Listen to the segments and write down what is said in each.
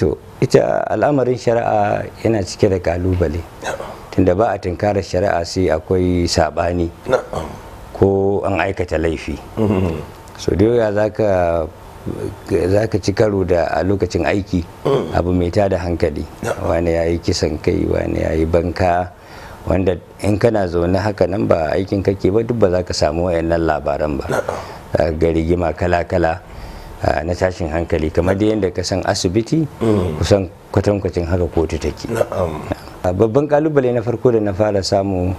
to ita al'amarin shari'a yana cike da kalubale tunda ba a tunkarar shari'a sai akwai sabani ko an aikata laifi mm-hmm. so da za ka ci karo da a lokacin aiki mm. abu mai tada hankali wani ya yi kisan kai wani ya yi banka wanda in kana zaune haka nan ba aikin kake ba duk ba za ka samu wayannan labaran ba ga rigima kala-kala na tashin hankali kamar da yadda ka san asibiti mm. kusan kwatankwacin haka kotu take babban kalubale na farko da na fara samu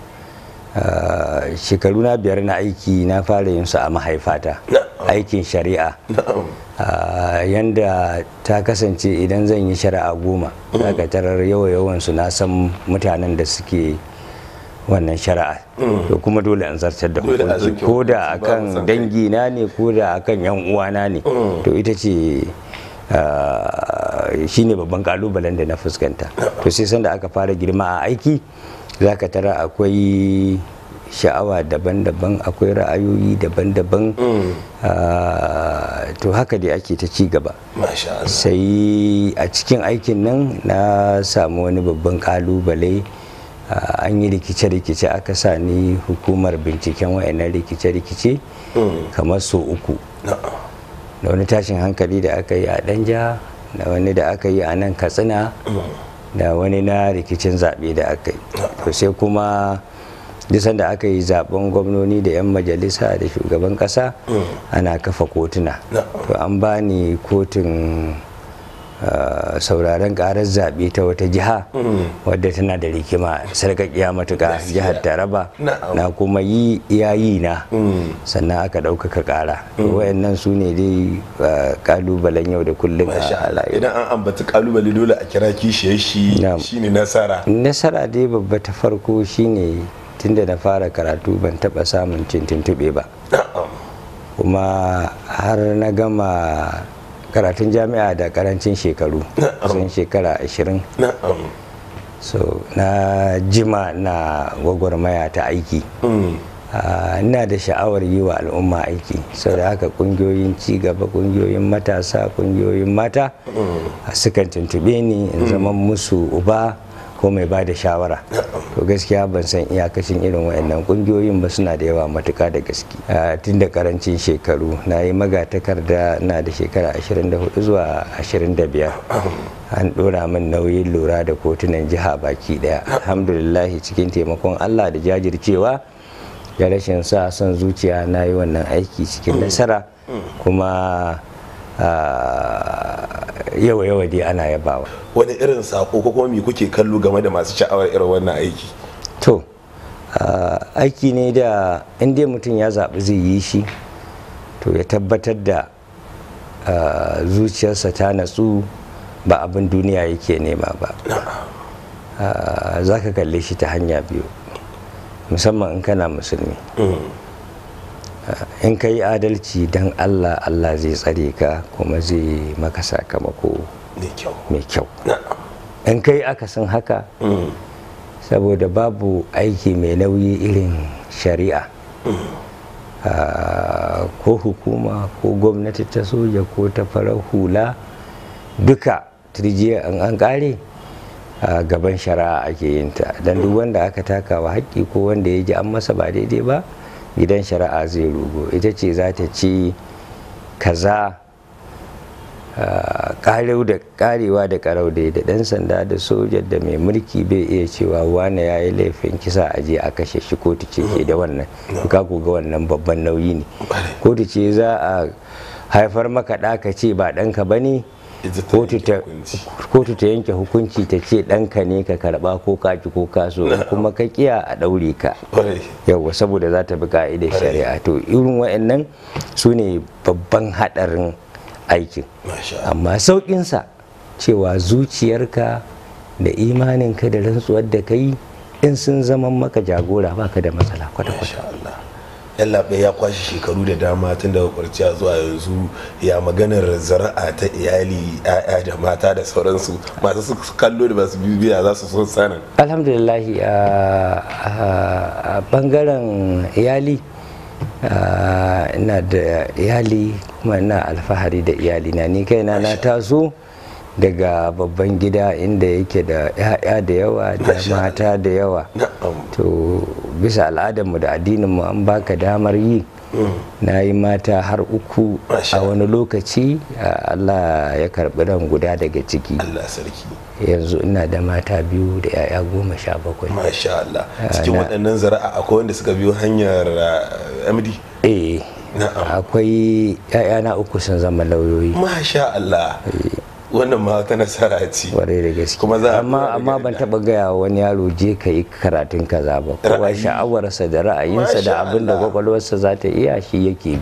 shekaru na biyar na aiki na fara yin su a mahaifata aikin shari'a yanda ta kasance idan zan yi shari'a goma daga mm. tarar yawa yawansu na san mutanen da suke wannan shari'a mm. to kuma dole an zartar da hukunci ko da akan dangi na ne ko da akan yan uwana ne mm. to ita ce ah, shine babban kalubalen da na fuskanta to sai sanda aka fara girma a aiki zaka tara akwai sha'awa daban-daban akwai ra'ayoyi daban-daban mm. ah, to haka dai ake ta ci gaba sai a cikin aikin nan na samu wani babban kalubale Ah, an yi rikice-rikice aka sa ni hukumar binciken wayannan rikice-rikice hmm. kamar so uku da wani tashin hankali da aka yi a danja da wani da aka yi a nan katsina hmm. da wani na rikicin zaɓe da aka yi to sai kuma disan da aka yi zaɓen gwamnoni da 'yan majalisa da shugaban ƙasa hmm. ana kafa kotuna to an bani kotun sauraren karar zaɓe ta wata jiha mm. wadda tana da rikima sarkakiya matuka jihar taraba na kuma yi iyayi na mm. sannan aka ɗaukaka ƙara mm. wayannan su ne dai uh, ƙalubalen yau da kullum a idan an ambata ƙalubale dole a kira kishe shi shine nasara nasara dai babba ta farko shine tunda na fara karatu ban taɓa samun cin tuntuɓe ba kuma har na gama karatun jami'a da karancin shekaru sun shekara 20 so na jima na gwagwarmaya ta aiki mm. ah, ina da sha'awar yi wa al'umma aiki sau da haka kungiyoyin cigaba kungiyoyin matasa kungiyoyin mata mm. sukan tuntube ni in mm. zama musu uba ko mai ba da shawara to gaskiya ban san iyakacin irin wayannan kungiyoyin ba suna da yawa matuka da gaske tun da karancin shekaru na yi magatakarda na da shekara 24 zuwa 25 an dora min nauyin lura da kotunan jiha baki daya alhamdulillah cikin taimakon allah da jajircewa da rashin sa son zuciya na yi wannan aiki cikin nasara kuma yawa yawa dai ana yabawa wani irin sako ko kuma me kuke kallo game da masu sha'awar irin wannan aiki to aiki ne da inda mutum ya zaɓi zai yi shi to ya tabbatar da zuciyarsa ta natsu ba abin duniya yake nema ba za ka kalle shi ta hanya biyu musamman in kana musulmi mm. in ka yi adalci don allah allah zai tsare ka kuma zai maka sakamako mai kyau in ka yi akasin haka mm. saboda babu aiki mai nauyi irin shari'a mm. ah, ko hukuma ko gwamnati ta soja ko ta farar hula duka turjiya an an kare gaban shari'a ake yinta. don duk mm. wanda aka takawa haƙƙi ko wanda ya ji an masa ba daidai ba gidan shari'a zai rugo ita ce za ta ci kaza karewa da karau da da ɗan sanda da soja da mai mulki bai iya cewa wane ya yi laifin kisa a je a kashe shi kotu ce ke da wannan ka ga wannan babban nauyi ne kotu ce za a haifar maka ɗa ce ba ɗanka ba ne kotu ta yanke hukunci ta ce ɗanka ne ka karba ko kaki ko kaso kuma ka kiya a ɗaure ka yawa saboda za ta bi ka'idar shari'a to irin wa'annan su ne babban haɗarin aikin amma sauƙinsa cewa zuciyarka da imaninka da rantsuwar da ka yi in sun zama maka jagora baka da matsala kwata-kwata yallaɓe ya kwashe shekaru da dama tun daga kwarciya zuwa yanzu ya maganar zara'a ta iyali ya'ya da mata da sauransu masu su kallo da masu bibiya za su son sana alhamdulillah a bangaren iyali ina da iyali kuma ina alfahari da iyali na ni kaina na taso daga babban gida inda yake da 'ya'ya da yawa da mata da yawa to bisa al'adarmu da addininmu an baka damar yi hmm. na yi mata har uku a wani lokaci Allah ya karɓi ran guda daga ciki Allah Sarki. yanzu ina da mata biyu da 'ya'ya goma sha bakwai masha Allah cikin waɗannan zara'a akwai wanda suka biyo hanyar md eh, eh akwai na uku sun zama lauyoyi masha Allah eh. wannan ma ta nasara ce kwarai da gaske amma amma ban taɓa gaya wani yaro je ka yi karatun kaza ba kowa sha'awarsa da ra'ayinsa da abinda da kwakwalwarsa za ta iya shi yake